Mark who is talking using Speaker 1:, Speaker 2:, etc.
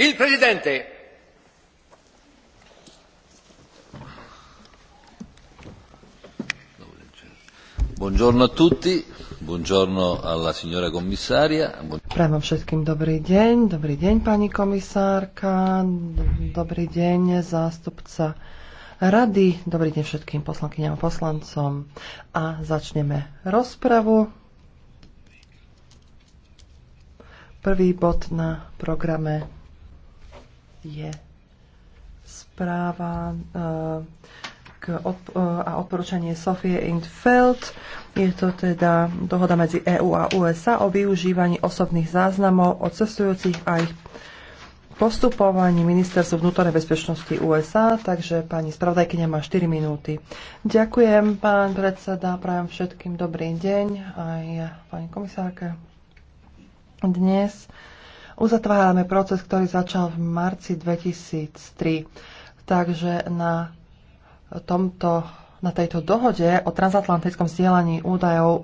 Speaker 1: Il Presidente.
Speaker 2: Buongiorno a tutti, buongiorno alla signora commissaria.
Speaker 3: Prajem všetkým dobrý deň, dobrý deň pani komisárka, dobrý deň zástupca rady, dobrý deň všetkým poslankyňam a poslancom. A začneme rozpravu. Prvý bod na programe je správa eh, k odp- eh, a odporúčanie Sofie Feld. Je to teda dohoda medzi EU a USA o využívaní osobných záznamov od cestujúcich a ich postupovaní ministerstvu vnútornej bezpečnosti USA, takže pani spravodajkyňa má 4 minúty. Ďakujem, pán predseda, prajem všetkým dobrý deň aj pani komisárke. Dnes uzatvárame proces, ktorý začal v marci 2003. Takže na, tomto, na tejto dohode o transatlantickom vzdielaní údajov